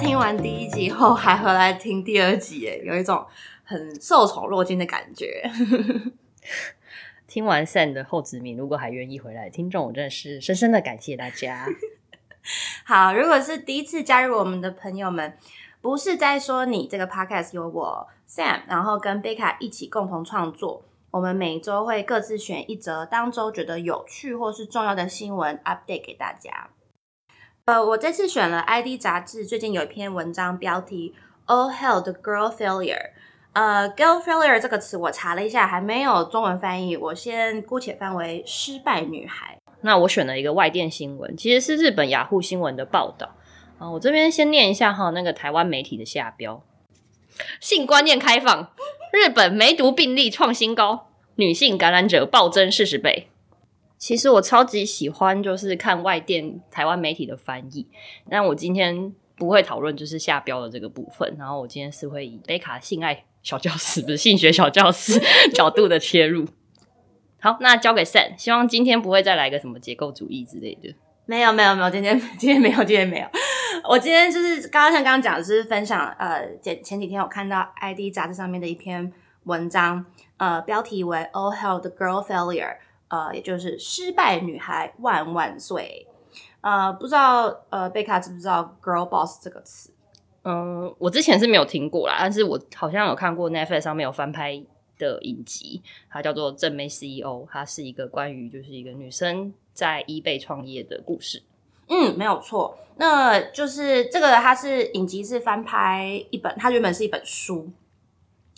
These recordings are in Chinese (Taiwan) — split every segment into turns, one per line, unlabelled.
聽完第一集後，還回來聽第二集，哎，有一種很受寵若驚的感覺。
聽完 Sam 的後，子明如果還願意回來，聽眾我真的是深深的感謝大家。
好，如果是第一次加入我們的朋友們，不是在說你這個 Podcast 有我 Sam，然後跟貝卡一起共同創作，我們每週會各自選一則當週覺得有趣或是重要的新聞 Update 給大家。呃，我這次選了 ID 雜誌，最近有一篇文章，標題 All Hail the Girlfailure.、呃、girl Failure。呃，Girl Failure 這個詞我查了一下，還沒有中文翻譯，我先姑且翻譯失敗女孩。
那我選了一個外電新聞，其實是日本雅虎新聞的報道。啊，我這邊先念一下哈，那個台灣媒體的下標，性觀念開放，日本梅毒病例創新高，女性感染者暴增四十倍。其實我超級喜歡，就是看外電台灣媒體的翻譯。那我今天不會討論就是下標的這個部分，然後我今天是會以貝卡性愛小教師，不是性學小教師 角度的切入。好，那交給 Sam，希望今天不會再來個什麼結構主義之類的。
沒有沒有沒有，今天今天沒有，今天沒有。我今天就是剛剛像剛講，就是分享呃前前幾天我看到 ID 雜誌上面的一篇文章，呃標題為 All Hail 的 Girl Failure。呃，也就是失敗女孩萬萬歲，呃，不知道呃，貝卡知不知道 “girl boss” 這個詞？
嗯，我之前是沒有聽過啦，但是我好像有看過 Netflix 上面有翻拍的影集，它叫做《正妹 CEO》，
它是一個關於就是一個女生在 eBay 創業的故事。嗯，沒有錯，那就是這個它是影集，是翻拍一本，它原本是一本書。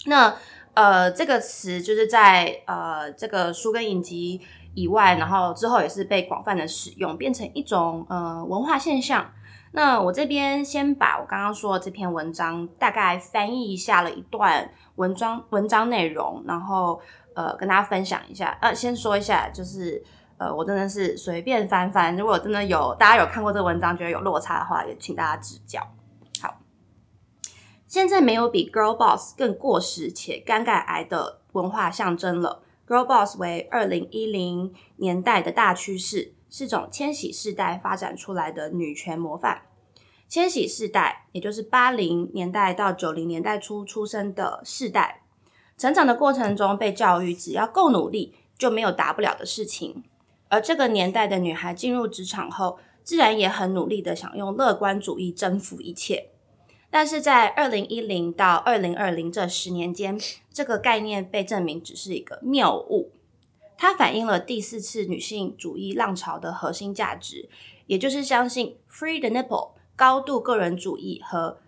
那。呃，這個詞就是在呃這個書跟影集以外，然後之後也是被廣泛的使用，變成一種呃文化現象。那我這邊先把我剛剛說的這篇文章大概翻譯一下了一段文章文章內容，然後呃跟大家分享一下。呃，先說一下，就是呃我真的是隨便翻翻，如果真的有大家有看過這個文章覺得有落差的話，也請大家指教。現在沒有比 Girlboss 更過時且尷尬癌的文化象徵了。Girlboss 為二零一零年代的大趨勢，是種千禧世代發展出來的女權模範。千禧世代，也就是八零年代到九零年代初出生的世代，成長的過程中被教育，只要夠努力，就沒有達不了的事情。而這個年代的女孩進入職場後，自然也很努力的想用樂觀主義征服一切。但是在二零一零到二零二零這十年間，這個概念被證明只是一個謬誤。它反映了第四次女性主義浪潮的核心價值，也就是相信 “free the nipple”、高度個人主義和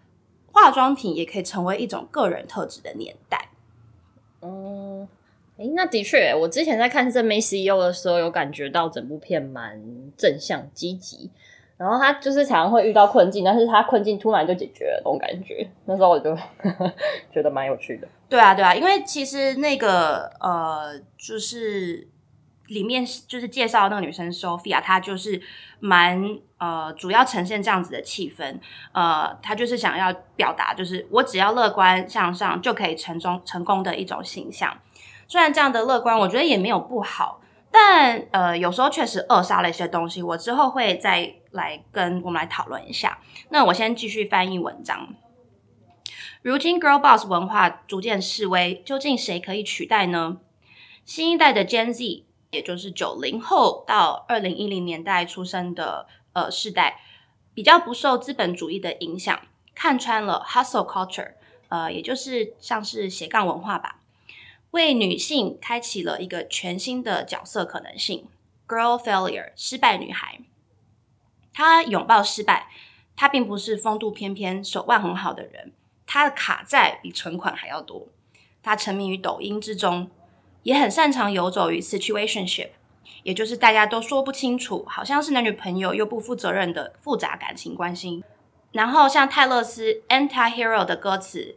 化妝品也可以成為一種個人特質的年代。嗯，哎，那的確，我之前在
看這枚 CEO 的時候，有感覺到整部片蠻正向積極。然後他就是常常會遇到困境，但是他困境突然就解決了，這種感覺。那時候我就呵呵覺得蠻有趣的。
對啊，對啊，因為其實那個呃，就是裡面就是介紹那個女生 Sophia，她就是蠻呃，主要呈現這樣子的氣氛。呃，她就是想要表達，就是我只要樂觀向上就可以成功成功，的一種形象。雖然這樣的樂觀，我覺得也沒有不好。但呃，有時候確實扼殺了一些東西。我之後會再來跟我們來討論一下。那我先繼續翻譯文章。如今，Girl Boss 文化逐漸式微，究竟誰可以取代呢？新一代的 Gen Z，也就是九零後到二零一零年代出生的呃世代，比較不受資本主義的影響，看穿了 Hustle Culture，呃，也就是像是斜槓文化吧。為女性開啟了一個全新的角色可能性，Girl Failure 失敗女孩，她擁抱失敗，她並不是風度翩翩、手腕很好的人，她的卡債比存款還要多，她沉迷於抖音之中，也很擅長遊走於 situationship，也就是大家都說不清楚，好像是男女朋友又不負責任的複雜感情關係。然後像泰勒斯 Anti-Hero 的歌詞。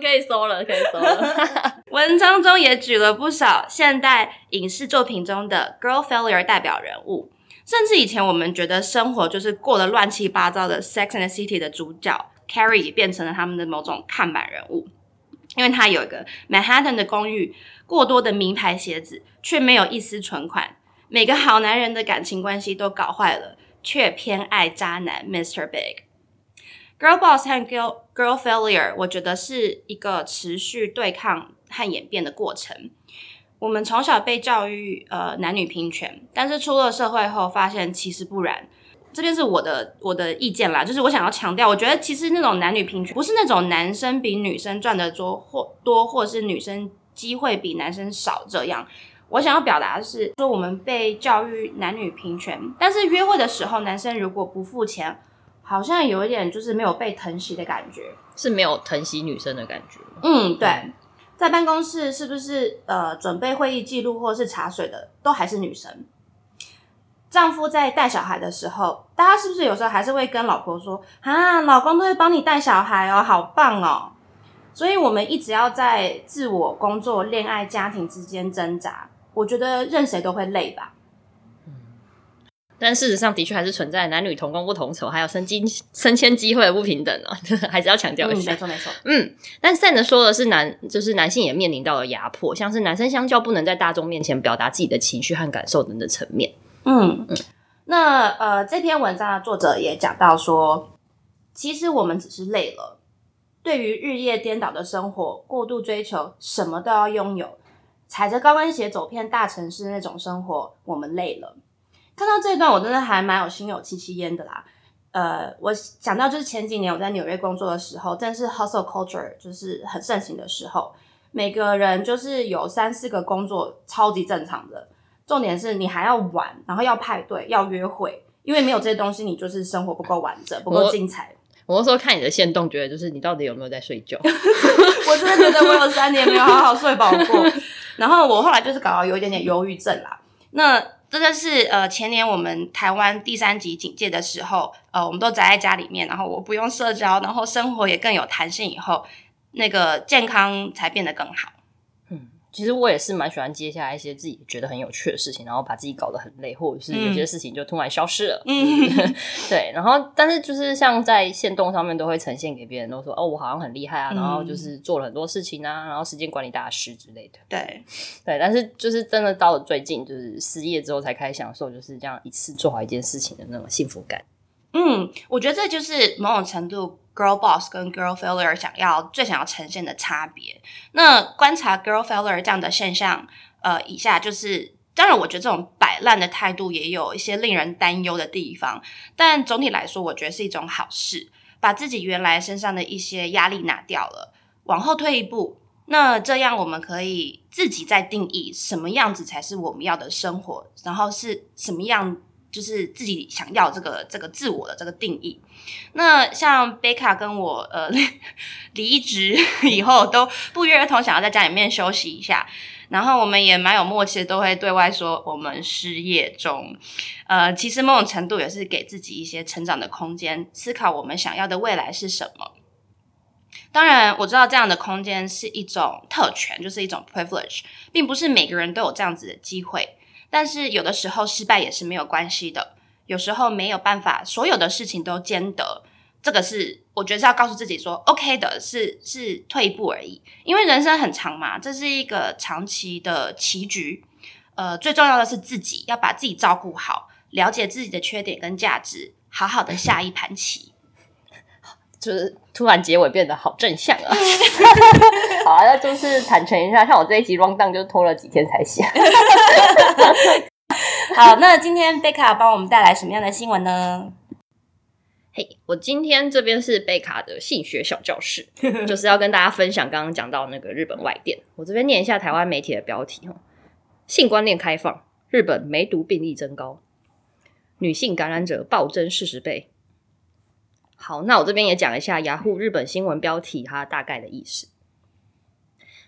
可以搜了，可以搜了。 文章中也舉了不少現代影視作品中的 girl failure 代表人物，甚至以前我們覺得生活就是過得亂七八糟的《Sex and City》的主角 Carrie 變成了他們的某種看板人物，因為她有一個曼哈頓的公寓，過多的名牌鞋子，卻沒有一絲存款，每個好男人的感情關係都搞壞了，卻偏愛渣男 Mr. Big。Girl boss 和 girl girl failure，我覺得是一個持續對抗和演變的過程。我們從小被教育，呃，男女平權，但是出了社會後發現其實不然。這邊是我的我的意見啦，就是我想要強調，我覺得其實那種男女平權不是那種男生比女生賺得多或多，或是女生機會比男生少這樣。我想要表達的是，說我們被教育男女平權，但是約會的時候，男生如果不付錢。好像有一點就是沒有被疼惜的感覺，是沒有疼惜女生的感覺。嗯，對，在辦公室是不是呃準備會議記錄或是茶水的都還是女生？丈夫在帶小孩的時候，大家是不是有時候還是會跟老婆說啊，老公都會幫你帶小孩哦，好棒哦？所以我們一直要在自我、工作、戀愛、家庭之間掙扎，我覺得任誰都會累吧。
但事實上的確還是存在男女同工不同酬，還有升金升遷機會的不平等呢、啊，還是要強調一下。嗯、沒錯沒錯。嗯，但 Sant 的說的是男，就是男性也面臨到了壓迫，像是男生相較不能在大眾面前表達自己的情緒和感受等等層面。嗯嗯。
那呃，這篇文章的作者也講到說，其實我們只是累了，對於日夜顛倒的生活、過度追求什麼都要擁有、踩着高跟鞋走遍大城市那種生活，我們累了。看到這一段我真的還蠻有心有戚戚焉的啦，呃，我想到就是前幾年我在紐約工作的時候，正是 hustle culture 就是很盛行的時候，每個人就是有三四個工作，超級正常的。重點是你還要玩，然後要派對，要約會，因為沒有這些東西，你就是生活不夠完整，不夠精彩。我那時候看你的現動，覺得就是你到底有沒有在睡覺？ 我真的覺得我有三年沒有好好睡飽過， 然後我後來就是搞得有一點點憂鬱症啦。那這個是，呃，前年我們台灣第三級警戒的時候，呃，我們都宅在家裡面，然後我不用社交，然後生活也更有彈性以後，那個健康才變得更好。其實我也是蠻喜歡接下來一些自己
覺得很有趣的事情，然後把自己搞得很累，或者是有些事情就突然消失了。嗯，嗯 對。然後，但是就是像在限動上面都會呈現給別人，都說哦，我好像很厲害啊，嗯，然後就是做了很多事情啊，然後時間管理大師之類的。對，對。但是就是真的到
了最近，就是失業之後才開始享受就是這樣一
次做好一件事情的那種幸福感。
嗯，我覺得這就是某種程度 girl boss 跟 girl failure 想要最想要呈現的差別。那觀察 girl failure 這樣的現象，呃，以下就是當然，我覺得這種擺爛的態度也有一些令人擔憂的地方，但總體來說，我覺得是一種好事，把自己原來身上的一些壓力拿掉了，往後退一步，那這樣我們可以自己再定義什麼樣子才是我們要的生活，然後是什麼樣。就是自己想要這個這個自我的這個定義。那像貝卡跟我呃離職以後都不約而同想要在家裡面休息一下，然後我們也蠻有默契的，都會對外說我們失業中。呃，其實某種程度也是給自己一些成長的空間，思考我們想要的未來是什麼。當然，我知道這樣的空間是一種特權，就是一種 privilege，並不是每個人都有這樣子的機會。但是有的時候失敗也是沒有關係的，有時候沒有辦法，所有的事情都兼得，這個是我覺得是要告訴自己說，OK 的，是是退一步而已，因為人生很長嘛，這是一個長期的棋局，呃，最重要的是自己要把自己照顧好，了解自己的缺點跟價值，好好的下一盤棋。就是
突然結尾變得好正向啊！ 好啊，那就是坦誠一下，像我這一集 run down 就拖了幾天才寫。
好，那今天貝卡幫我們帶來什麼樣的新聞呢？嘿
，Hey，我今天這邊是貝卡的性學小教室， 就是要跟大家分享剛剛講到那個日本外電。我這邊唸一下台灣媒體的標題：性觀念開放，日本梅毒病例增高，女性感染者暴增四十倍。好，那我這邊也講一下雅虎日本新聞標題它大概的意思。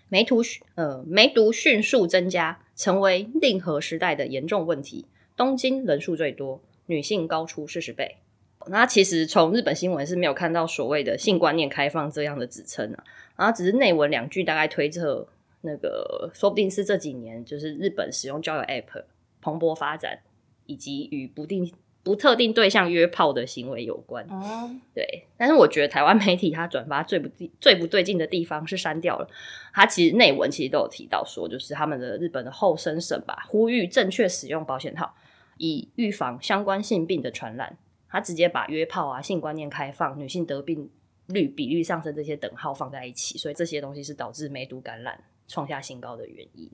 梅毒，呃，梅毒迅速增加，成為令和時代的嚴重問題。東京人數最多，女性高出四十倍。那其實從日本新聞是沒有看到所謂的性觀念開放這樣的指稱啊，然後只是內文兩句大概推測，那個說不定是這幾年就是日本使用交友 App 蓬勃發展，以及與不定。不特定對象約炮的行為有關，嗯、對。但是我覺得台灣媒體他轉發最不最不對勁的地方是刪掉了，他其實內文其實都有提到說，就是他們的日本的厚生省吧，呼籲正確使用保險套以預防相關性病的傳染。他直接把約炮啊、性觀念開放、女性得病率比率上升這些等號放在一起，所以這些東西是導致梅毒感染創下新高的原因。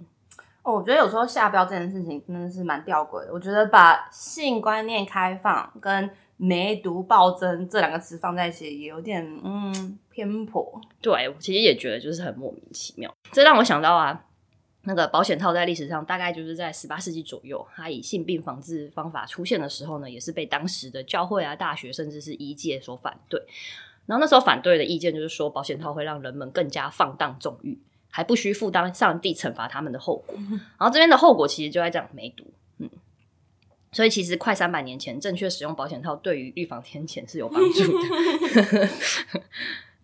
哦，我覺得有時候下標這件事情真的是蠻弔詭的。我覺得把性觀念開放跟梅毒暴增這兩個詞放在一起，也有點嗯偏頗。
對，我其實也覺得就是很莫名其妙。這讓我想到啊，那個保險套在歷史上大概就是在十八世紀左右，它以性病防治方法出現的時候呢，也是被當時的教會啊、大學甚至是醫界所反對。然後那時候反對的意見就是說，保險套會讓人們更加放蕩縱慾。還不需負擔上帝懲罰他們的後果，然後這邊的後果其實就在講梅毒，嗯，所以其實快三百年前正確使用保險套對於預防天譴是有幫助的，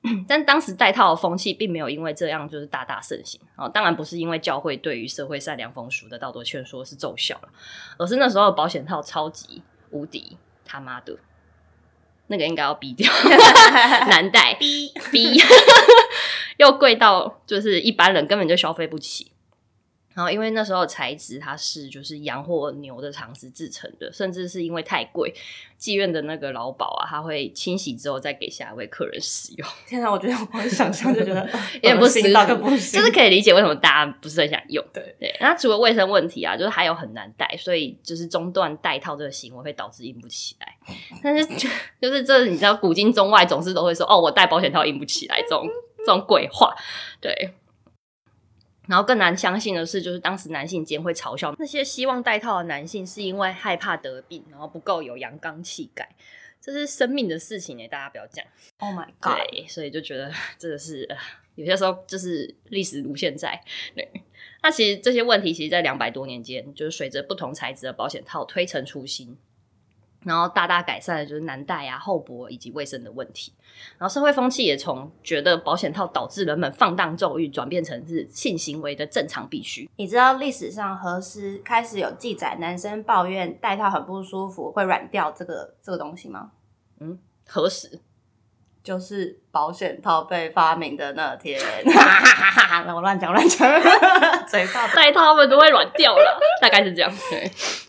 但當時戴套的風氣並沒有因為這樣就是大大盛行，哦，當然不是因為教會對於社會善良風俗的道德勸說是奏效了，而是那時候保險套超級無敵他媽的，那個應該要逼掉，難 戴男帶 逼逼 又貴到就是一般人根本就消費不起，然後因為那時候的材質它是就是羊或牛的腸子製成的，甚至是因為太貴，妓院的那個老鴇啊，他會清洗之後再給下一位客人使用。
天哪、啊，我覺得我想想象就覺得也、 嗯、不行。那可不就
是可以理解為什麼大家不是很想用？對對。那除了衛生問題啊，就是還有很難戴，所以就是中斷戴套這個行為會導致硬不起來。但是就、就是這你知道古今中外總是都會說哦，我戴保險套硬不起來這種。這種鬼話，對。然後更難相信的是，就是當時男性間會嘲笑那些希望戴套的男性，是因為害怕得病，然後不夠有陽剛氣概。這是生命的事情耶、欸，大家不要這樣。Oh my god！對，所以就覺得真的是，有些時候就是歷史如現在。那其實這些問題，其實，在兩百多年間，就是隨着不同材質的保險套推陳出新。然後大大改善了，就是難戴呀、啊、厚薄以及衛生的問題。然後社會風氣也從覺得保險套導致人們放蕩縱慾，轉變成是性行為的正常必須。
你知道歷史上何時開始有記載男生抱怨戴套很不舒服，會軟掉這個這個東西嗎？嗯，何時？就是保險套被發明的那天。 我亂講亂講，哈哈，戴 套他們都會軟掉了，
大概是這樣。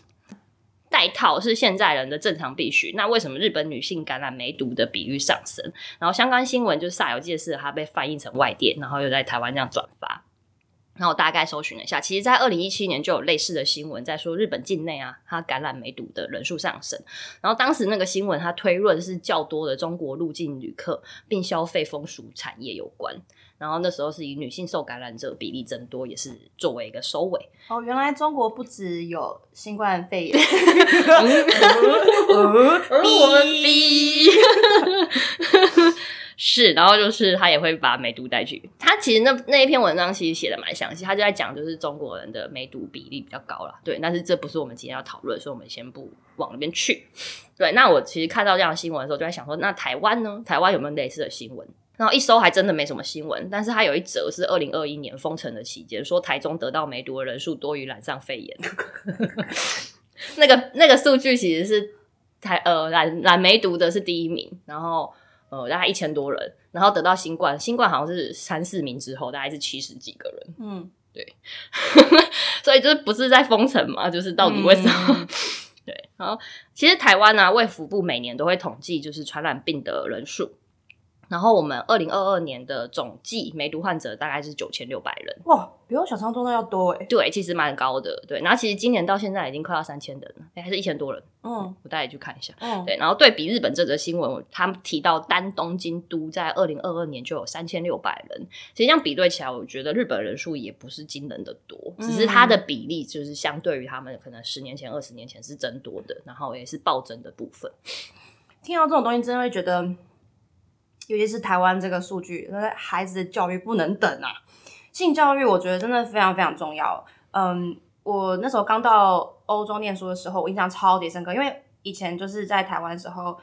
外套是現在人的正常必須，那為什麼日本女性感染梅毒的比率上升？然後相關新聞就是煞有介事，它被翻譯成外電，然後又在台灣這樣轉發。然後大概搜尋了一下，其實，在二零一七年就有類似的新聞在說日本境內啊，它感染梅毒的人數上升。然後當時那個新聞它推論是較多的中國入境旅客並消費風俗產業有關。然後那時候是以女性受感染者比例增多，也是作為一個收尾。
哦，原來中國不只有新冠肺炎。逼、 嗯！
是，然後就是他也會把梅毒帶去。他其實那那一篇文章其實寫得蠻詳細，他就在講就是中國人的梅毒比例比較高啦。對，但是這不是我們今天要討論，所以我們先不往那邊去。對，那我其實看到這樣的新聞的時候，就在想說，那台灣呢？台灣有沒有類似的新聞？然後一搜還真的沒什麼新聞，但是他有一則是二零二一年封城的期間，說台中得到梅毒的人數多於染上肺炎。 這個、那個那個數據其實是台呃染染梅毒的是第一名，然後。呃，大概一千多人，然後得到新冠，新冠好像是三四名之後，大概是七十幾個人。嗯，對，呵呵，所以這不是在封城嘛？就是到底為什麼？嗯、 對，好，其實台灣啊，衛福部每年都會統計就是傳染病的人數。然後我們二零二二年的總計梅毒患者大概是九千六百人。
哇，比我想象中的要多哎、欸。
對，其實蠻高的。對，然後其實今年到現在已經快要三千人了，還是一千多人、哦。嗯，我帶你去看一下。嗯、哦，對。然後對比日本這則新聞，他們提到單東京都在二零二二年就有三千六百人，其實這樣比對起來，我覺得日本人數也不是驚人的多，只是它的比例就是相對於他們可能十年前、二十年前是增多的，然後也是暴增的部分。
聽到這種東西，真的會覺得。尤其是台灣這個數據，那孩子的教育不能等啊！性教育我覺得真的非常非常重要。嗯，我那時候剛到歐洲念書的時候，我印象超級深刻，因為以前就是在台灣的時候，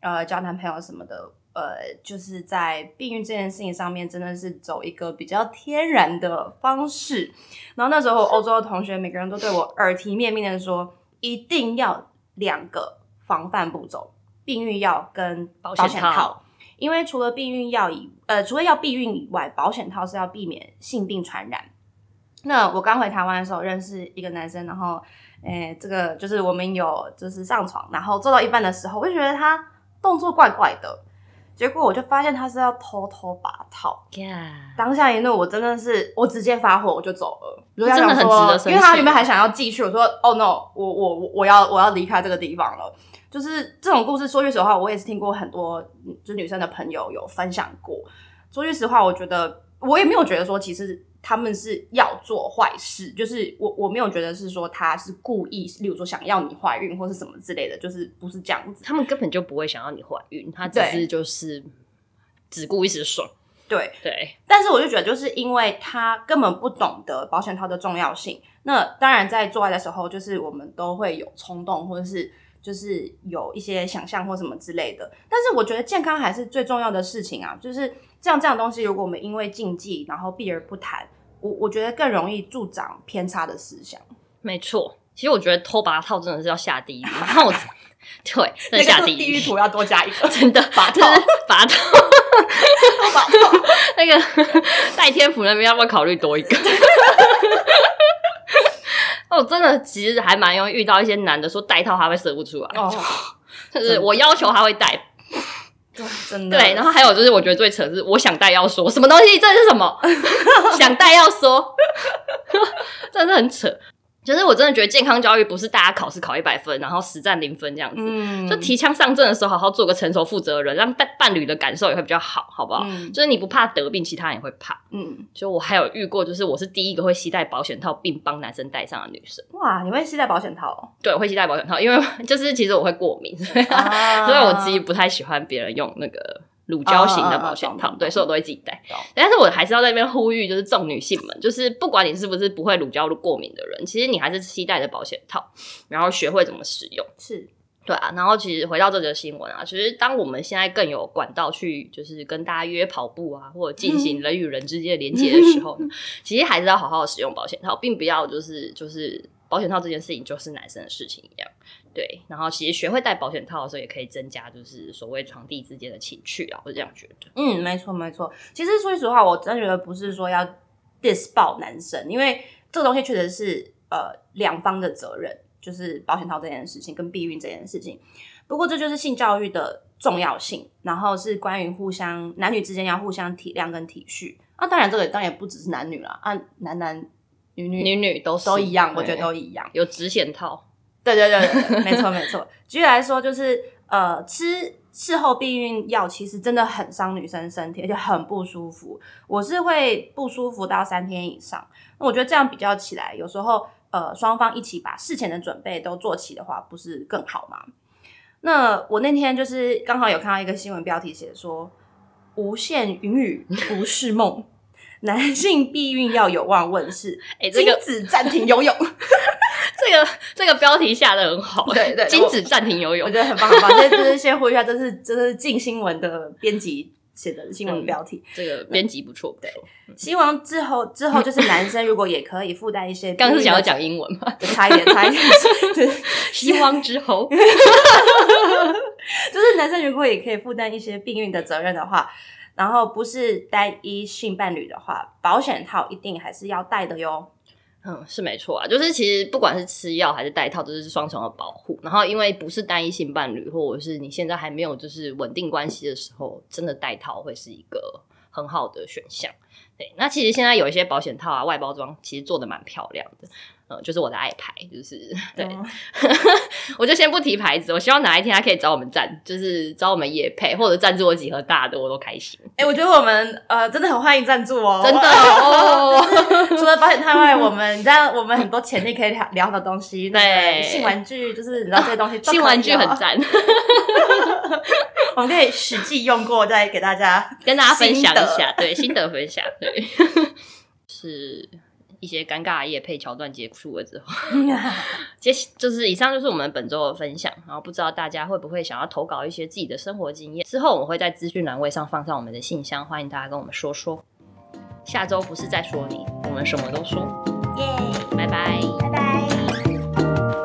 呃，交男朋友什麼的，呃，就是在避孕這件事情上面，真的是走一個比較天然的方式。然後那時候歐洲的同學，每個人都對我耳提面命的說，一定要兩個防範步驟：避孕藥跟保險套。因為除了避孕藥以，呃，除了要避孕以外，保險套是要避免性病傳染。那我剛回台灣的時候，認識一個男生，然後，哎、欸，這個就是我們有就是上床，然後做到一半的時候，我就覺得他動作怪怪的，結果我就發現他是要偷偷拔套。Yeah. 當下一怒，我真的是我直接發火，我就走了。如果真的很值得生氣，因為他原本還想要繼續，我說，Oh no，我我我我要我要離開這個地方了。就是這種故事，說句實話，我也是聽過很多，就女生的朋友有分享過。說句實話，我覺得我也沒有覺得說，其實他們是要做壞事。就是我我沒有覺得是說他是故意，例如說想要你懷孕或是什麼之類的，就是不是這樣子。他們根本就不會想
要你懷孕，他只是就是只顧一時爽。
對對，但是我就覺得，就是因為他根本不懂得保險套的重要性。那當然，在做愛的時候，就是我們都會有衝動，或者是。就是有一些想象或什麼之類的，但是我覺得健康還是最重要的事情啊。就是這樣，這樣東西，如果我們因為禁忌然後避而不談，我我覺得更容易助長偏差的思想。沒錯，其實我覺得
偷拔套真的是要下
地獄，然 後對，下、那個、地獄圖要多
加一個，真的拔套，拔套， 拔套 拔寶套 那個代天府那邊要不要考慮多一個？ 我、哦、真的，其實還蠻容易遇到一些男的說戴套他會射不出來，哦，就是我要求他會戴，對、哦，真的，對，然後還有就是我覺得最扯的是，我想戴要說什麼東西，這是什麼？ 想戴要說， 真的是很扯。其、就、實、是、我真的覺得健康教育不是大家考試考一百分，然後實戰零分這樣子。嗯，就提槍上陣的時候，好好做個成熟負責人，讓伴伴侶的感受也會比較好，好不好？嗯，就是你不怕得病，其他人也會怕。嗯，就我還有遇過，就是我是第一個會攜帶保險套並幫男生戴上的女生。
哇，你會攜帶保險套、哦？
對，我會攜帶保險套，因為就是其實我會過敏，啊、 所以我自己不太喜歡別人用那個。乳膠型的保險套，uh, uh, uh, 對，所以我都會自己帶。但是我還是要在那邊呼籲，就是眾女性們，就是不管你是不是不會乳膠過敏的人，其實你還是期待着保險套，然後學會怎麼使用。是，對啊。然後其實回到這則新聞啊，其實當我們現在更有管道去，就是跟大家約跑步啊，或者進行人與人之間的連結的時候呢、嗯，其實還是要好好使用保險套，並不要就是就是保險套這件事情就是男生的事情一樣。對，然後其實學會戴保險套的時候，也可以增加就是所謂床笫之間的情趣啊，我是這樣覺得。
嗯，沒錯沒錯。其實說句實話，我真的覺得不是說要 diss 爆男生，因為這個東西確實是呃兩方的責任，就是保險套這件事情跟避孕這件事情。不過這就是性教育的重要性，然後是關於互相男女之間要互相體諒跟體恤。啊，當然這個當然也不只是男女了啊，男男女女女女都是都一樣，我覺得都一樣，有直險套。對對對對，沒錯沒錯。舉 例來說，就是呃，吃事後避孕藥其實真的很傷女生身體，而且很不舒服。我是會不舒服到三天以上。那我覺得這樣比較起來，有時候呃，雙方一起把事前的準備都做起的話，不是更好嗎？那我那天就是剛好有看到一個新聞標題，寫說“無限雲雨不是夢。” 男性避孕藥有望問世，哎，精子暫停游泳，欸、這個、 這個、這個標題下得很好，對對、對，精子暫停游泳我，我覺得很棒很棒。先 是先呼籲一下，這是這是鏡新聞的編輯寫的新聞標題，這個編輯不錯、嗯，對。希望之後之後就是男生如果也可以負擔一些，剛是想要講英文嗎？差一點差一點，希望、 就是、之後， 就是男生如果也可以負擔一些避孕的責任的話。然後不是單一性伴侶的話，保險套一定還是要戴的喲。嗯，是沒錯啊，就是其實不管是吃
藥還是戴套，都、就是雙重的保護。然後因為不是單一性伴侶，或者是你現在還沒有就是穩定關係的時候，真的戴套會是一個很好的選項。對，那其實現在有一些保險套啊，外包裝其實做得蠻漂亮的。就是我的愛牌，就是對， 我就先不提牌子。我希望哪一天他可以找我們贊，就是找我們業配，或者贊助我幾盒大的，我都開心。
哎、欸，我覺得我們呃，真的很歡迎贊助哦，真的哦。哦就是、除了保險套外， 我們你知道，我們很多潛力可以聊的東西，就是、對，性玩具就是你知道 這些東西，啊、性玩具很讚。 我們可以實際用過，再給大家跟大家分享一下，對，心得分享，
對， 是。一些尷尬的業配橋段結束了之後、 就是，就是以上就是我們本周的分享，然後不知道大家會不會想要投稿一些自己的生活經驗，之後我們會在資訊欄位上放上我們的信箱，歡迎大家跟我們說說。下周不是在說你，我們什麼都說。耶，拜拜，拜拜。